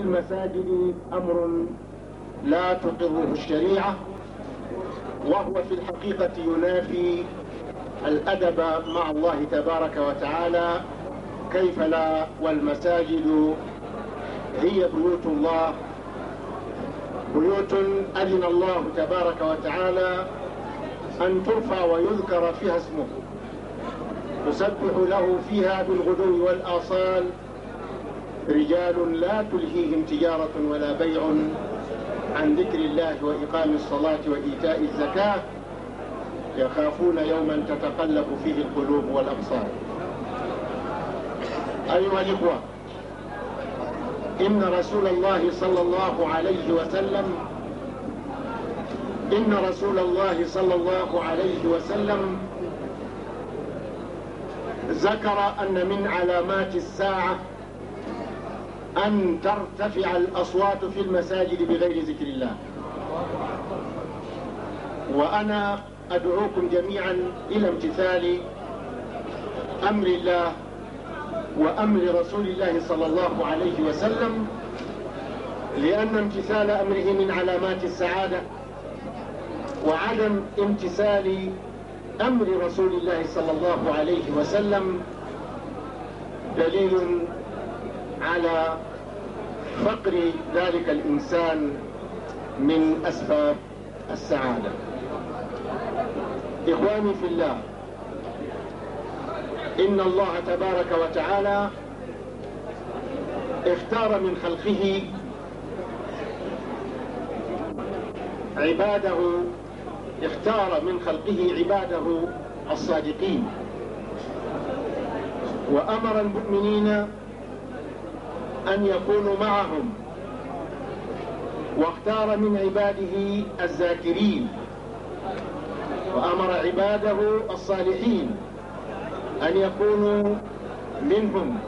المساجد أمر لا تقره الشريعة وهو في الحقيقة ينافي الأدب مع الله تبارك وتعالى كيف لا والمساجد هي بيوت الله بيوت أذن الله تبارك وتعالى أن ترفع ويذكر فيها اسمه تسبح له فيها بالغدو والآصال رجال لا تلهيهم تجارة ولا بيع عن ذكر الله وإقام الصلاة وإيتاء الزكاة يخافون يوما تتقلب فيه القلوب والأبصار أيها الإخوة إن رسول الله صلى الله عليه وسلم إن رسول الله صلى الله عليه وسلم ذكر أن من علامات الساعة أن ترتفع الأصوات في المساجد بغير ذكر الله وأنا أدعوكم جميعا إلى امتثال أمر الله وأمر رسول الله صلى الله عليه وسلم لأن امتثال أمره من علامات السعادة وعدم امتثال أمر رسول الله صلى الله عليه وسلم دليل على فقر ذلك الإنسان من أسباب السعادة إخواني في الله إن الله تبارك وتعالى اختار من خلقه عباده اختار من خلقه عباده الصادقين وأمر المؤمنين أن يكونوا معهم واختار من عباده الذاكرين وأمر عباده الصالحين أن يكونوا منهم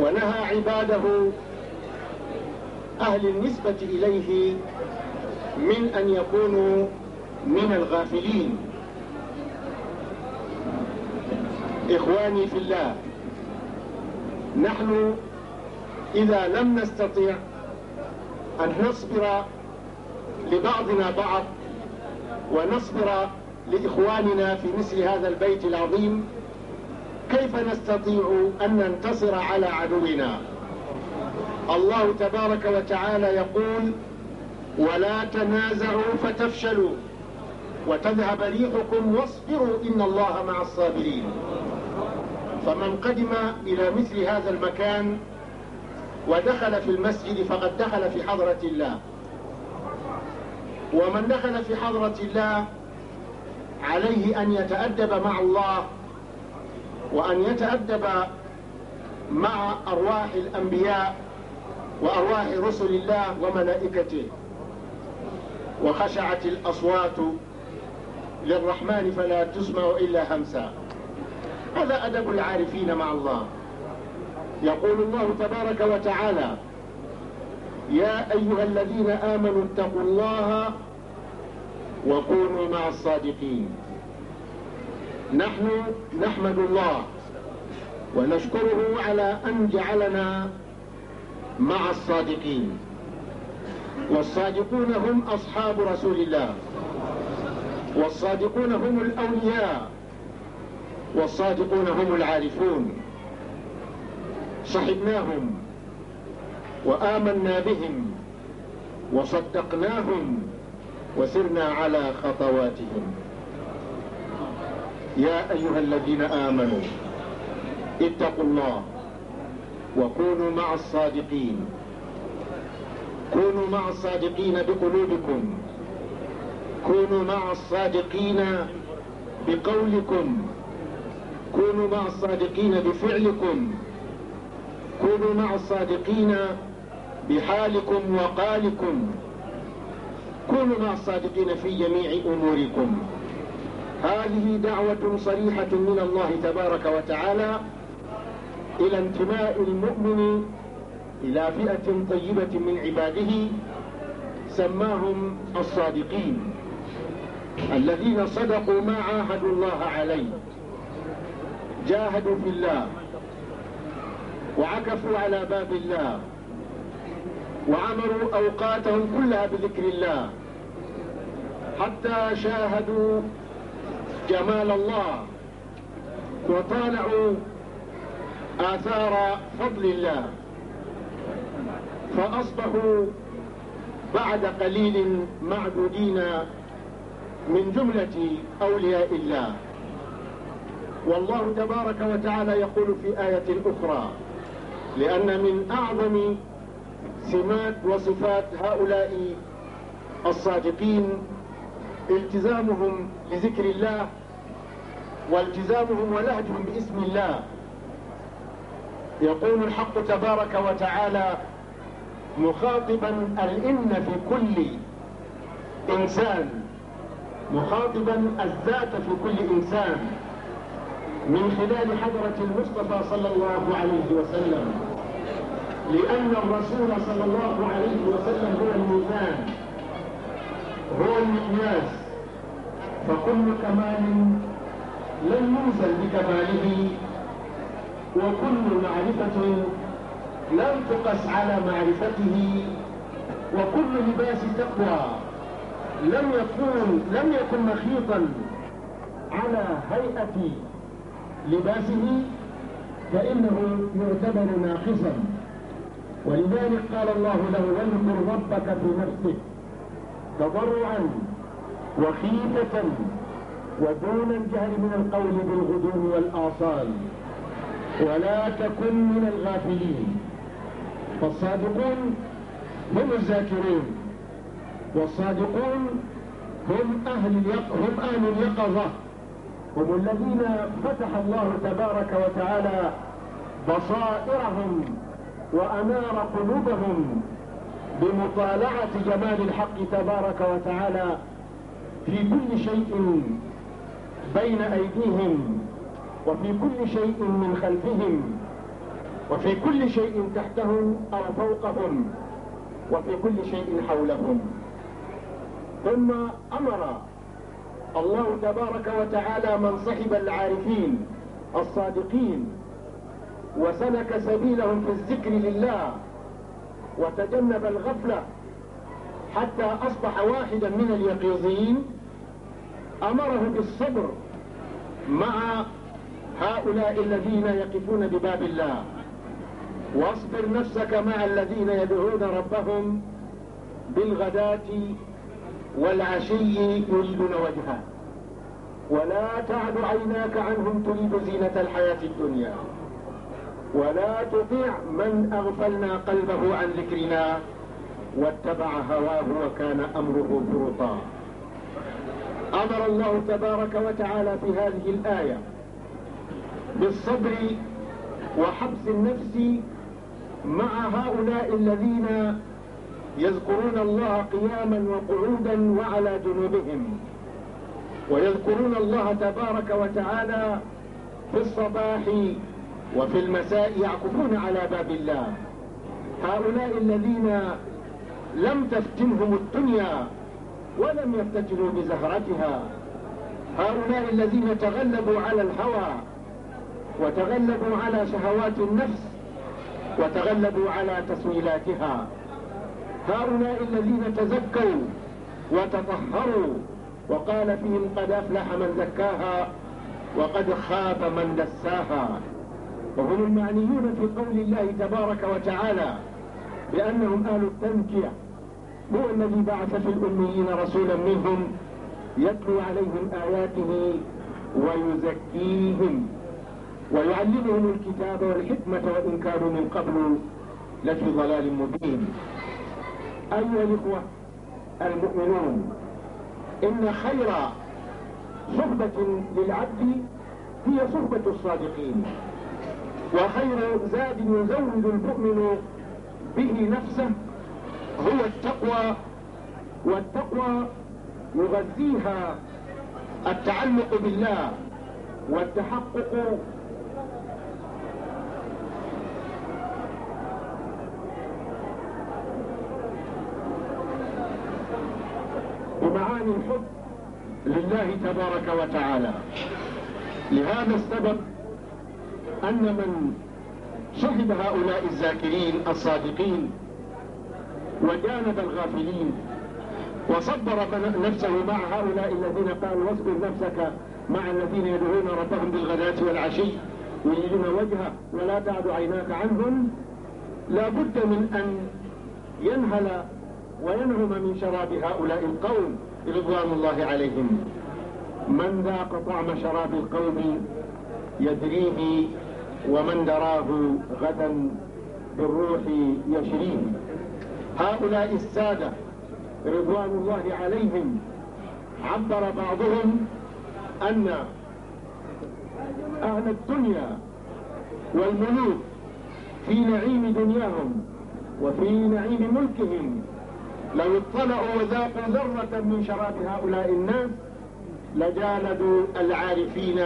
ونهى عباده أهل النسبة إليه من أن يكونوا من الغافلين إخواني في الله نحن إذا لم نستطيع أن نصبر لبعضنا بعض ونصبر لإخواننا في مثل هذا البيت العظيم كيف نستطيع أن ننتصر على عدونا الله تبارك وتعالى يقول ولا تنازعوا فتفشلوا وتذهب ريحكم واصبروا إن الله مع الصابرين فمن قدم إلى مثل هذا المكان ودخل في المسجد فقد دخل في حضرة الله ومن دخل في حضرة الله عليه أن يتأدب مع الله وأن يتأدب مع أرواح الأنبياء وأرواح رسل الله وملائكته وخشعت الأصوات للرحمن فلا تسمع إلا همسا هذا أدب العارفين مع الله يقول الله تبارك وتعالى يا أيها الذين آمنوا اتقوا الله وكونوا مع الصادقين نحن نحمد الله ونشكره على أن جعلنا مع الصادقين والصادقون هم أصحاب رسول الله والصادقون هم الأولياء والصادقون هم العارفون صحبناهم وآمنا بهم وصدقناهم وسرنا على خطواتهم يا أيها الذين آمنوا اتقوا الله وكونوا مع الصادقين كونوا مع الصادقين بقلوبكم كونوا مع الصادقين بقولكم كونوا مع الصادقين بفعلكم كونوا مع الصادقين بحالكم وقالكم كونوا مع الصادقين في جميع أموركم هذه دعوة صريحة من الله تبارك وتعالى إلى انتماء المؤمن إلى فئة طيبة من عباده سماهم الصادقين الذين صدقوا ما عاهدوا الله عليه جاهدوا في الله وعكفوا على باب الله وعمروا أوقاتهم كلها بذكر الله حتى شاهدوا جمال الله وطالعوا آثار فضل الله فأصبحوا بعد قليل معدودين من جملة أولياء الله والله تبارك وتعالى يقول في آية أخرى لأن من أعظم سمات وصفات هؤلاء الصادقين التزامهم لذكر الله والتزامهم ولهجهم باسم الله يقول الحق تبارك وتعالى مخاطبا الإن في كل إنسان مخاطبا الذات في كل إنسان من خلال حضرة المصطفى صلى الله عليه وسلم لأن الرسول صلى الله عليه وسلم هو الميزان هو المقياس فكل كمال لن يوزن بكماله وكل معرفة لن تقس على معرفته وكل لباس تقوى لم يكن لم يكن مخيطا على هيئة لباسه فإنه يعتبر ناقصا ولذلك قال الله له واذكر ربك في نفسك تضرعا وخيفة ودون الجهل من القول بالغدو والآصال ولا تكن من الغافلين فالصادقون هم الذاكرون والصادقون هم أهل, هم أهل اليقظة هم الذين فتح الله تبارك وتعالى بصائرهم وأنار قلوبهم بمطالعة جمال الحق تبارك وتعالى في كل شيء بين أيديهم وفي كل شيء من خلفهم وفي كل شيء تحتهم أو فوقهم وفي كل شيء حولهم ثم أمر الله تبارك وتعالى من صحب العارفين الصادقين وسلك سبيلهم في الذكر لله وتجنب الغفلة حتى أصبح واحدا من اليقظين أمره بالصبر مع هؤلاء الذين يقفون بباب الله واصبر نفسك مع الذين يدعون ربهم بالغداة والعشي يريدون وجهه ولا تعد عيناك عنهم تريد زينة الحياة الدنيا ولا تطع من أغفلنا قلبه عن ذكرنا واتبع هواه وكان أمره فرطا أمر الله تبارك وتعالى في هذه الآية بالصبر وحبس النفس مع هؤلاء الذين يذكرون الله قياما وقعودا وعلى جنوبهم ويذكرون الله تبارك وتعالى في الصباح وفي المساء يعكفون على باب الله هؤلاء الذين لم تفتنهم الدنيا ولم يفتتنوا بزهرتها هؤلاء الذين تغلبوا على الهوى وتغلبوا على شهوات النفس وتغلبوا على تسويلاتها هؤلاء الذين تزكوا وتطهروا وقال فيهم قد أفلح من زكاها وقد خاب من دساها وهم المعنيون في قول الله تبارك وتعالى بأنهم أهل التنكية هو الذي بعث في الأميين رسولا منهم يتلو عليهم آياته ويزكيهم ويعلمهم الكتاب والحكمة وإن كانوا من قبل لفي ضلال مبين أيها الإخوة المؤمنون إن خير صحبة للعبد هي صحبة الصادقين وخير زاد يزود المؤمن به نفسه هو التقوى والتقوى يغذيها التعلق بالله والتحقق ومعاني الحب لله تبارك وتعالى لهذا السبب أن من شهد هؤلاء الذاكرين الصادقين وجانب الغافلين وصبر نفسه مع هؤلاء الذين قالوا واصبر نفسك مع الذين يدعون ربهم بالغداة والعشي يريدون وجهه ولا تعد عيناك عنهم لابد من أن ينهل وينهم من شراب هؤلاء القوم رضوان الله عليهم من ذاق طعم شراب القوم يدريه ومن دراه غدا بالروح يشريه هؤلاء السادة رضوان الله عليهم عبر بعضهم أن أهل الدنيا والملوك في نعيم دنياهم وفي نعيم ملكهم لو اطلعوا وذاقوا ذرة من شراب هؤلاء الناس لجالدوا العارفين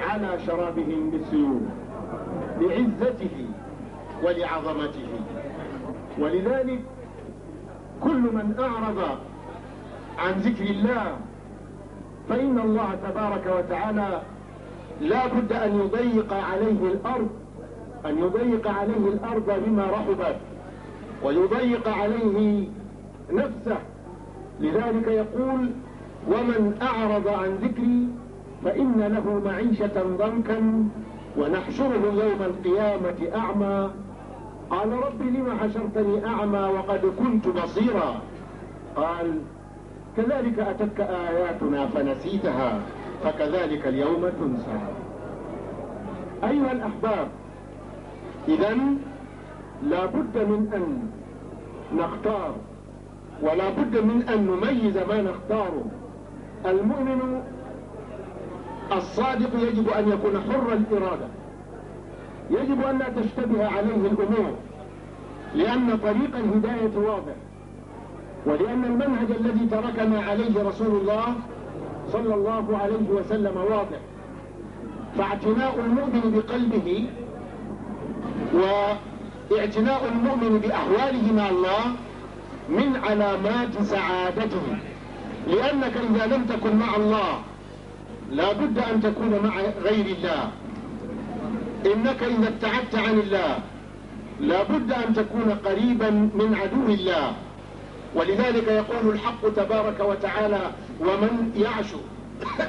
على شرابهم بالسيوف لعزته ولعظمته ولذلك كل من أعرض عن ذكر الله فإن الله تبارك وتعالى لا بد أن يضيق عليه الأرض أن يضيق عليه الأرض بما رحبت ويضيق عليه نفسه لذلك يقول ومن أعرض عن ذكري فإن له معيشة ضنكا ونحشره يوم القيامة أعمى قال رب لم حشرتني أعمى وقد كنت بصيرا قال كذلك أتتك آياتنا فنسيتها فكذلك اليوم تنسى أيها الأحباب إذا لابد من أن نختار ولا بد من أن نميز ما نختاره المؤمن الصادق يجب أن يكون حر الإرادة يجب أن لا تشتبه عليه الأمور لأن طريق الهداية واضح ولأن المنهج الذي تركنا عليه رسول الله صلى الله عليه وسلم واضح فاعتناء المؤمن بقلبه واعتناء المؤمن بأحواله مع الله من علامات سعادته لأنك إذا لم تكن مع الله لا بد أن تكون مع غير الله إنك إذا ابتعدت عن الله لا بد أن تكون قريبا من عدو الله ولذلك يقول الحق تبارك وتعالى ومن يعش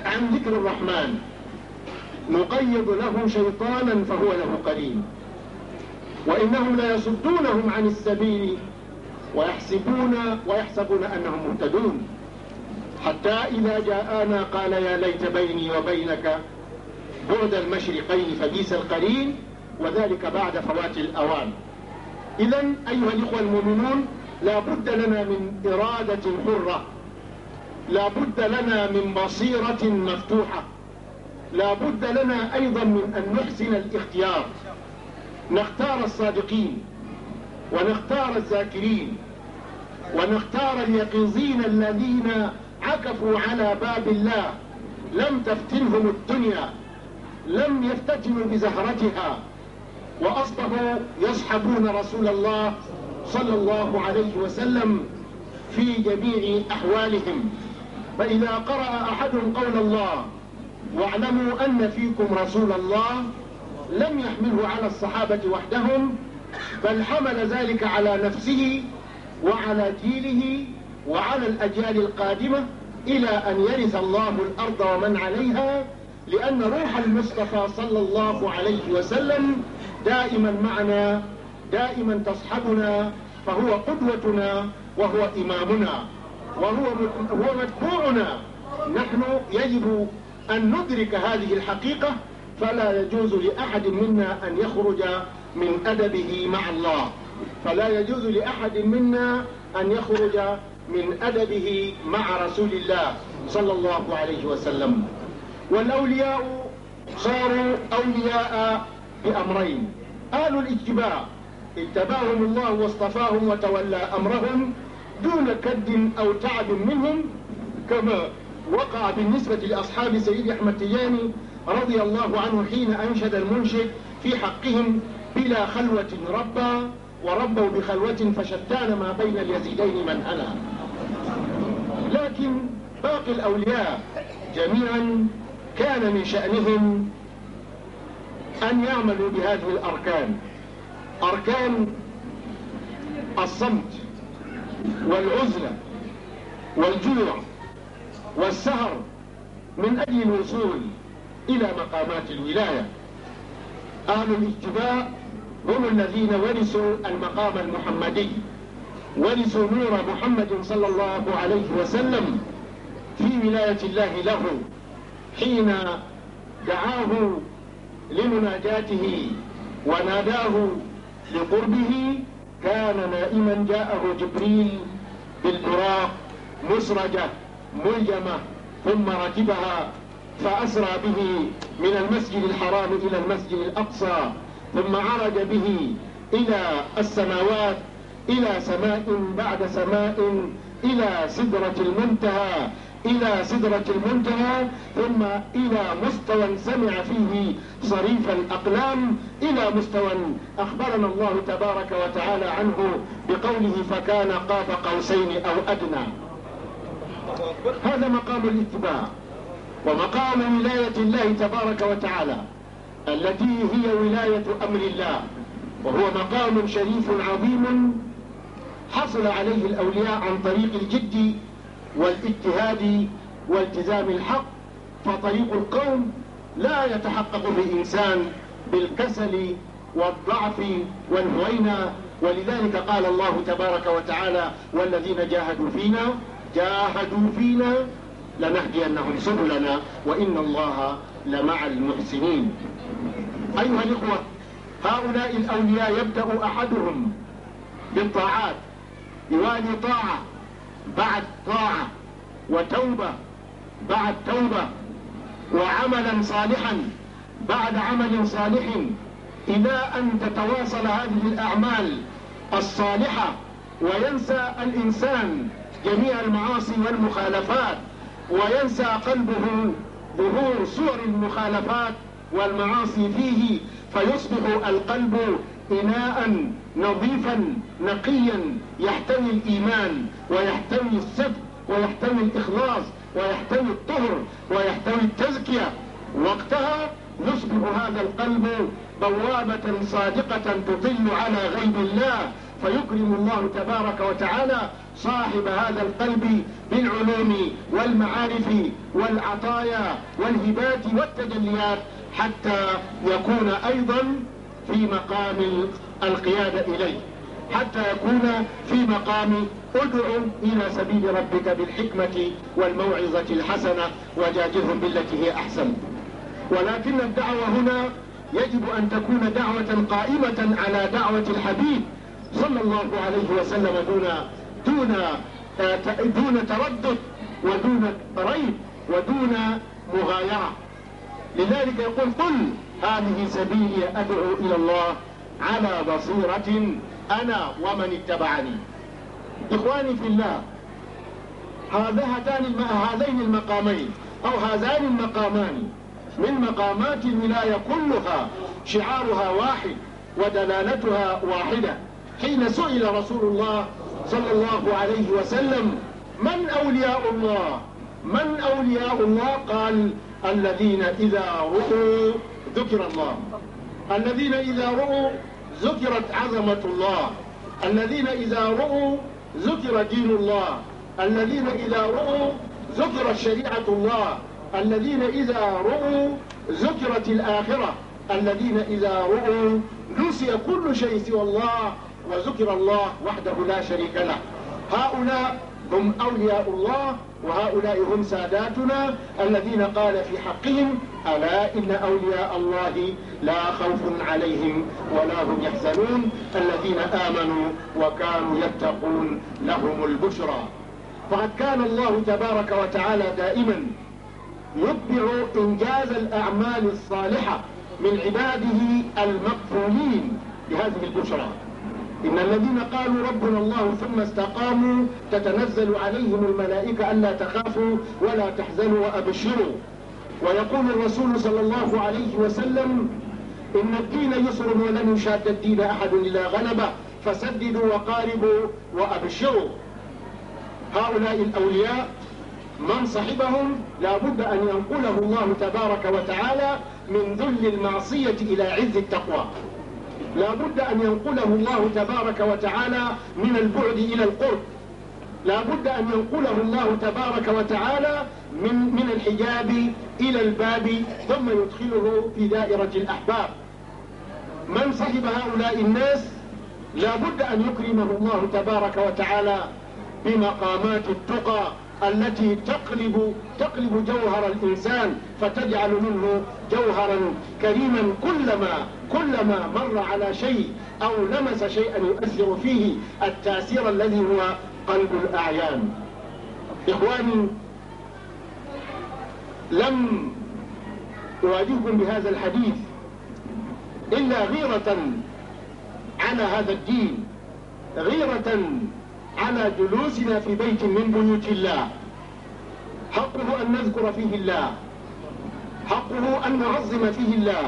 عن ذكر الرحمن نقيض له شيطانا فهو له قريب وإنهم ليصدونهم عن السبيل ويحسبون ويحسبون أنهم مهتدون حتى إذا جاءنا قال يا ليت بيني وبينك بعد المشرقين فبيس القرين وذلك بعد فوات الأوان إذا أيها الإخوة المؤمنون لا بد لنا من إرادة حرة لا بد لنا من بصيرة مفتوحة لا بد لنا أيضا من أن نحسن الاختيار نختار الصادقين ونختار الذاكرين ونختار اليقظين الذين عكفوا على باب الله لم تفتنهم الدنيا لم يفتتنوا بزهرتها وأصبحوا يصحبون رسول الله صلى الله عليه وسلم في جميع أحوالهم فإذا قرأ أحدهم قول الله واعلموا أن فيكم رسول الله لم يحمله على الصحابة وحدهم بل حمل ذلك على نفسه وعلى جيله وعلى الأجيال القادمة إلى أن يرث الله الأرض ومن عليها لأن روح المصطفى صلى الله عليه وسلم دائما معنا دائما تصحبنا فهو قدوتنا وهو إمامنا وهو هو مدفوعنا نحن يجب أن ندرك هذه الحقيقة فلا يجوز لأحد منا أن يخرج من أدبه مع الله فلا يجوز لأحد منا أن يخرج من أدبه مع رسول الله صلى الله عليه وسلم والأولياء صاروا أولياء بأمرين آل الاتباع اتباهم الله واصطفاهم وتولى أمرهم دون كد أو تعب منهم كما وقع بالنسبة لأصحاب سيد أحمد تياني رضي الله عنه حين أنشد المنشد في حقهم بلا خلوة ربا وربوا بخلوة فشتان ما بين اليزيدين من هلا لكن باقي الأولياء جميعا كان من شأنهم أن يعملوا بهذه الأركان أركان الصمت والعزلة والجوع والسهر من أجل الوصول إلى مقامات الولاية أهل الاجتباء هم الذين ورثوا المقام المحمدي ورثوا نور محمد صلى الله عليه وسلم في ولاية الله له حين دعاه لمناجاته وناداه لقربه كان نائما جاءه جبريل بالبراق مسرجة ملجمة ثم ركبها فأسرى به من المسجد الحرام إلى المسجد الأقصى ثم عرج به إلى السماوات إلى سماء بعد سماء إلى سدرة المنتهى إلى سدرة المنتهى ثم إلى مستوى سمع فيه صريف الأقلام إلى مستوى أخبرنا الله تبارك وتعالى عنه بقوله فكان قاب قوسين أو أدنى هذا مقام الاتباع ومقام ولاية الله تبارك وتعالى التي هي ولاية أمر الله وهو مقام شريف عظيم حصل عليه الأولياء عن طريق الجد والاجتهاد والتزام الحق فطريق القوم لا يتحقق بإنسان بالكسل والضعف والهوينة ولذلك قال الله تبارك وتعالى والذين جاهدوا فينا جاهدوا فينا لنهدينهم سبلنا وإن الله لمع المحسنين أيها الإخوة هؤلاء الأولياء يبدأ أحدهم بالطاعات يوالي طاعة بعد طاعة وتوبة بعد توبة وعملا صالحا بعد عمل صالح إلى أن تتواصل هذه الأعمال الصالحة وينسى الإنسان جميع المعاصي والمخالفات وينسى قلبه ظهور صور المخالفات والمعاصي فيه فيصبح القلب إناء نظيفا نقيا يحتوي الإيمان ويحتوي الصدق ويحتوي الإخلاص ويحتوي الطهر ويحتوي التزكية وقتها يصبح هذا القلب بوابة صادقة تطل على غيب الله فيكرم الله تبارك وتعالى صاحب هذا القلب بالعلوم والمعارف والعطايا والهبات والتجليات حتى يكون أيضا في مقام القيادة إليه حتى يكون في مقام ادعو إلى سبيل ربك بالحكمة والموعظة الحسنة وجادلهم بالتي هي أحسن ولكن الدعوة هنا يجب أن تكون دعوة قائمة على دعوة الحبيب صلى الله عليه وسلم دون دون آه، دون تردد ودون ريب ودون مغايرة لذلك يقول قل هذه سبيلي أدعو إلى الله على بصيرة أنا ومن اتبعني إخواني في الله هذان هذين المقامين أو هذان المقامان من مقامات الولاية كلها شعارها واحد ودلالتها واحدة حين سئل رسول الله صلى الله عليه وسلم من أولياء الله من أولياء الله قال الذين إذا رؤوا ذكر الله الذين إذا رؤوا ذكرت عظمة الله الذين إذا رؤوا ذكر دين الله الذين إذا رؤوا ذكر شريعة الله الذين إذا رؤوا ذكرت الآخرة الذين إذا رؤوا نسي كل شيء سوى الله وذكر الله وحده لا شريك له هؤلاء هم أولياء الله وهؤلاء هم ساداتنا الذين قال في حقهم ألا إن أولياء الله لا خوف عليهم ولا هم يحزنون الذين آمنوا وكانوا يتقون لهم البشرى فقد كان الله تبارك وتعالى دائما يتبع إنجاز الأعمال الصالحة من عباده المقفولين بهذه البشرى إن الذين قالوا ربنا الله ثم استقاموا تتنزل عليهم الملائكة ألا تخافوا ولا تحزنوا وأبشروا ويقول الرسول صلى الله عليه وسلم إن الدين يسر ولن يشاد الدين أحد إلا غلبه فسددوا وقاربوا وأبشروا هؤلاء الأولياء من صحبهم لابد أن ينقله الله تبارك وتعالى من ذل المعصية إلى عز التقوى لا بد أن ينقله الله تبارك وتعالى من البعد إلى القرب لا بد أن ينقله الله تبارك وتعالى من, من الحجاب إلى الباب ثم يدخله في دائرة الأحباب من صحب هؤلاء الناس لا بد أن يكرمه الله تبارك وتعالى بمقامات التقى التي تقلب تقلب جوهر الإنسان فتجعل منه جوهرا كريما كلما كلما مر على شيء أو لمس شيئا يؤثر فيه التأثير الذي هو قلب الأعيان إخواني لم أواجهكم بهذا الحديث إلا غيرة على هذا الدين غيرة على جلوسنا في بيت من بيوت الله حقه أن نذكر فيه الله حقه أن نعظم فيه الله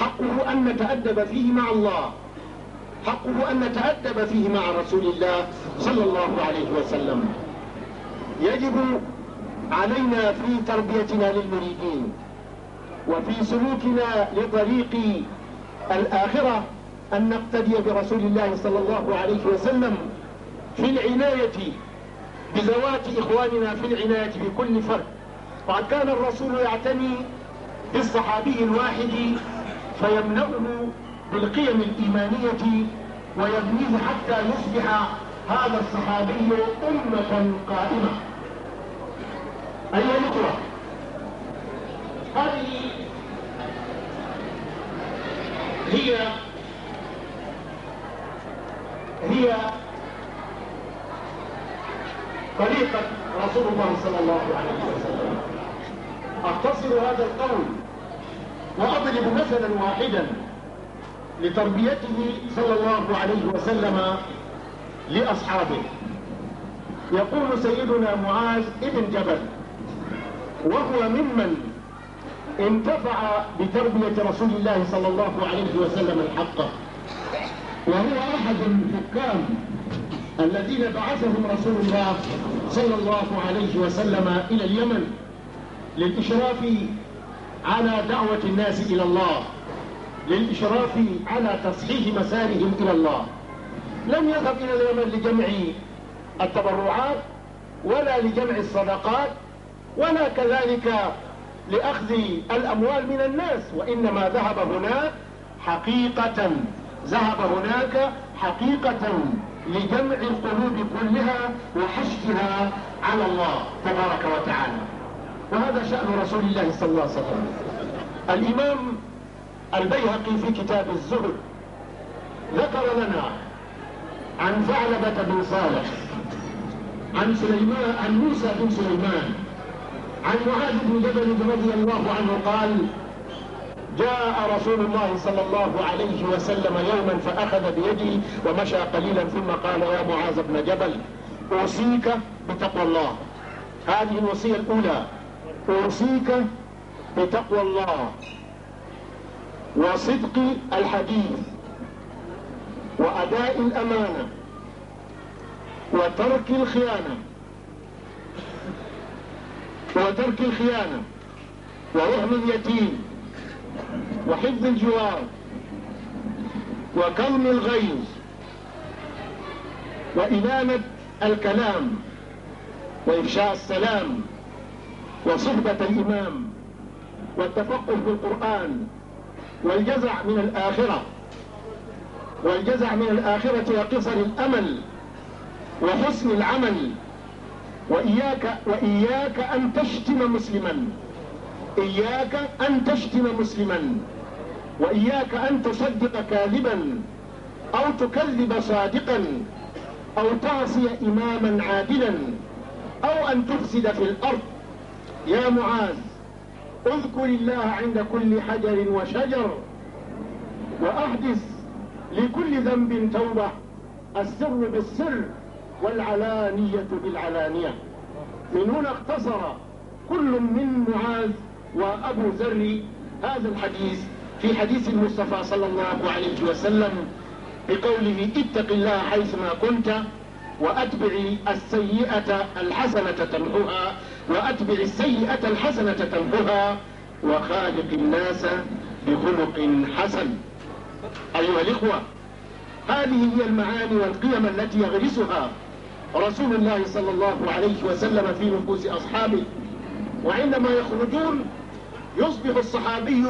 حقه أن نتأدب فيه مع الله حقه أن نتأدب فيه مع رسول الله صلى الله عليه وسلم يجب علينا في تربيتنا للمريدين وفي سلوكنا لطريق الآخرة أن نقتدي برسول الله صلى الله عليه وسلم في العناية بذوات إخواننا في العناية بكل فرد وقد كان الرسول يعتني بالصحابي الواحد فيمنعه بالقيم الإيمانية ويبنيه حتى يصبح هذا الصحابي أمة قائمة أيها الأخوة هذه هي هي طريقة رسول الله صلى الله عليه وسلم أختصر هذا القول وأضرب مثلا واحدا لتربيته صلى الله عليه وسلم لأصحابه يقول سيدنا معاذ ابن جبل وهو ممن انتفع بتربية رسول الله صلى الله عليه وسلم الحقه وهو أحد الحكام الذين بعثهم رسول الله صلى الله عليه وسلم إلى اليمن للإشراف على دعوة الناس إلى الله للإشراف على تصحيح مسارهم إلى الله لم يذهب إلى اليمن لجمع التبرعات ولا لجمع الصدقات ولا كذلك لأخذ الأموال من الناس وإنما ذهب هناك حقيقة ذهب هناك حقيقة لجمع القلوب كلها وحشدها على الله تبارك وتعالى وهذا شأن رسول الله صلى الله عليه وسلم الإمام البيهقي في كتاب الزهد ذكر لنا عن ثعلبة بن صالح عن سليمان عن موسى بن سليمان عن معاذ بن جبل رضي الله عنه قال جاء رسول الله صلى الله عليه وسلم يوما فأخذ بيدي ومشى قليلا ثم قال يا معاذ بن جبل أوصيك بتقوى الله هذه الوصية الأولى أوصيك بتقوى الله وصدق الحديث وأداء الأمانة وترك الخيانة وترك الخيانة ورحم اليتيم وحفظ الجوار وكظم الغيظ وإلامة الكلام وإفشاء السلام وصحبة الإمام والتفقه في القرآن والجزع من الآخرة والجزع من الآخرة وقصر الأمل وحسن العمل وإياك, وإياك أن تشتم مسلماً إياك أن تشتم مسلما وإياك أن تصدق كاذبا أو تكذب صادقا أو تعصي إماما عادلا أو أن تفسد في الأرض يا معاذ اذكر الله عند كل حجر وشجر وأحدث لكل ذنب توبة السر بالسر والعلانية بالعلانية من هنا اقتصر كل من معاذ وأبو ذر هذا الحديث في حديث المصطفى صلى الله عليه وسلم بقوله اتق الله حيثما كنت وأتبع السيئة الحسنة تمحها وأتبع السيئة الحسنة تمحها وخالق الناس بخلق حسن أيها الإخوة هذه هي المعاني والقيم التي يغرسها رسول الله صلى الله عليه وسلم في نفوس أصحابه وعندما يخرجون يصبح الصحابي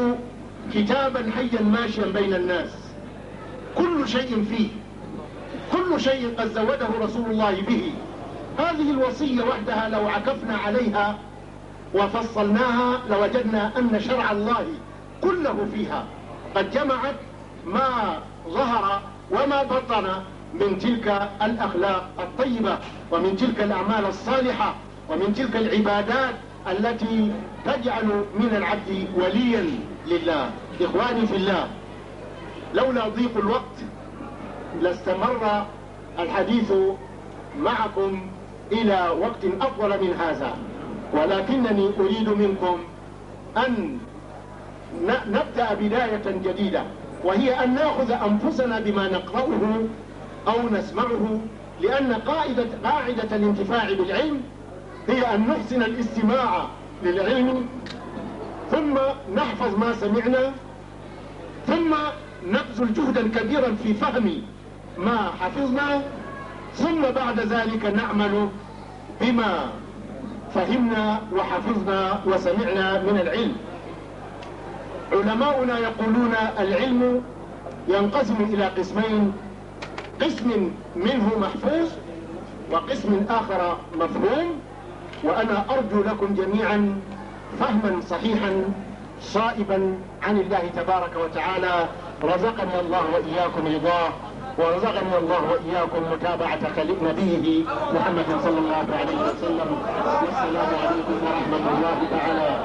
كتابا حيا ماشيا بين الناس كل شيء فيه كل شيء قد زوده رسول الله به هذه الوصية وحدها لو عكفنا عليها وفصلناها لوجدنا أن شرع الله كله فيها قد جمعت ما ظهر وما بطن من تلك الأخلاق الطيبة ومن تلك الأعمال الصالحة ومن تلك العبادات التي تجعل من العبد وليا لله إخواني في الله لولا ضيق الوقت لاستمر الحديث معكم إلى وقت أطول من هذا ولكنني أريد منكم أن نبدأ بداية جديدة وهي أن نأخذ أنفسنا بما نقرأه أو نسمعه لأن قاعدة, قاعدة الانتفاع بالعلم هي أن نحسن الاستماع للعلم ثم نحفظ ما سمعنا ثم نبذل جهدا كبيرا في فهم ما حفظنا ثم بعد ذلك نعمل بما فهمنا وحفظنا وسمعنا من العلم علماؤنا يقولون العلم ينقسم إلى قسمين قسم منه محفوظ وقسم آخر مفهوم وأنا أرجو لكم جميعا فهما صحيحا صائبا عن الله تبارك وتعالى رزقني الله وإياكم رضاه ورزقني الله وإياكم متابعة خليق نبيه محمد صلى الله عليه وسلم والسلام عليكم ورحمة الله تعالى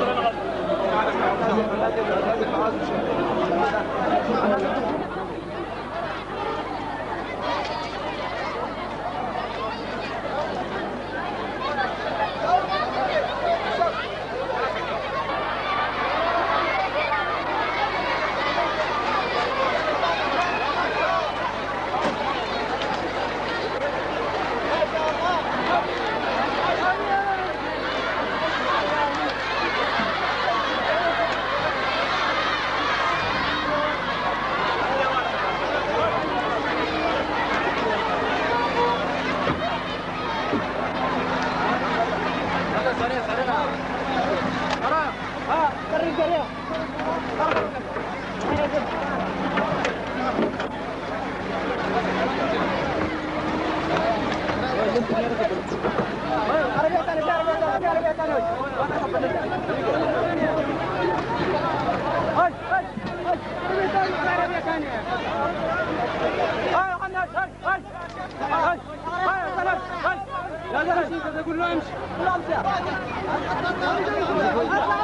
وبركاته الله لا لا لا لا لا له امشي لا امشي اطلع اطلع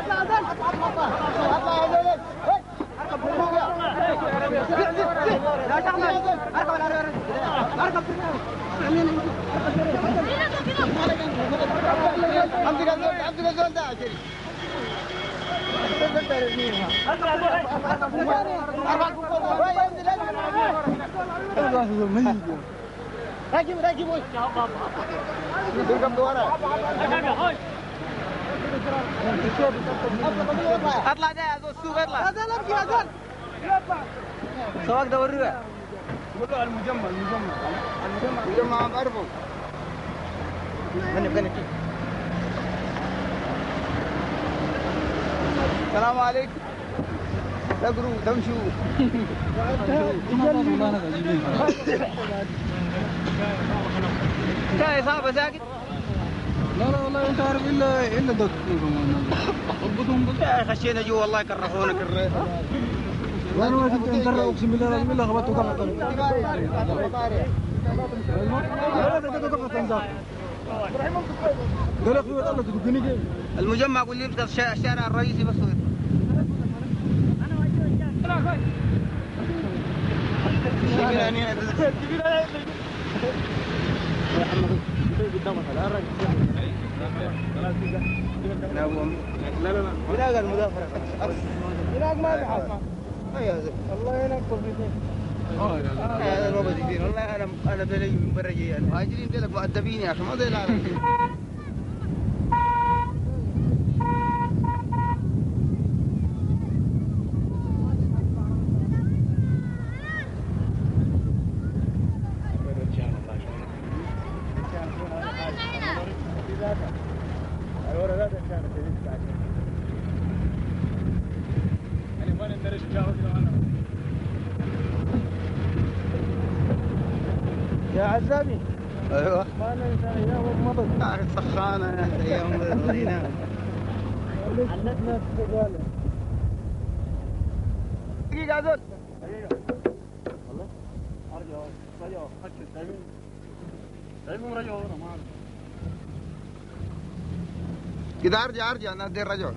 اطلع اطلع اطلع لا تعمل اركب على اركب عبد الغزال عبد الغزال ده عشري أربعة راجب راجب اطلع ده هذا السوق اطلع هذا ابكي هذا سواق ده وريه قول المجمع المجمع المجمع المجمع بعرفه من بقنتي السلام عليكم تقروا تمشوا لا لا والله انت عارف الا الا دوت خشينا جوا والله كرهونا كره لا انا ما اقسم بالله العظيم الا خبطت وقعت قال المجمع قول لي امتى الشارع الرئيسي بس انا لا لا لا هناك المدافع ما في حاجه الله انا انا من برا جاي مهاجرين ديلك مؤدبين يا اخي ما زي عزابي ايوه ننسى ايام مضت قاعد سخانه ايام مضينا علتنا دقيقه عدل والله ارجع كده ارجع ارجع انا ادير رجعوا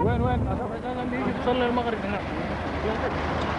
وين وين؟ انا اللي يجي تصلي المغرب هناك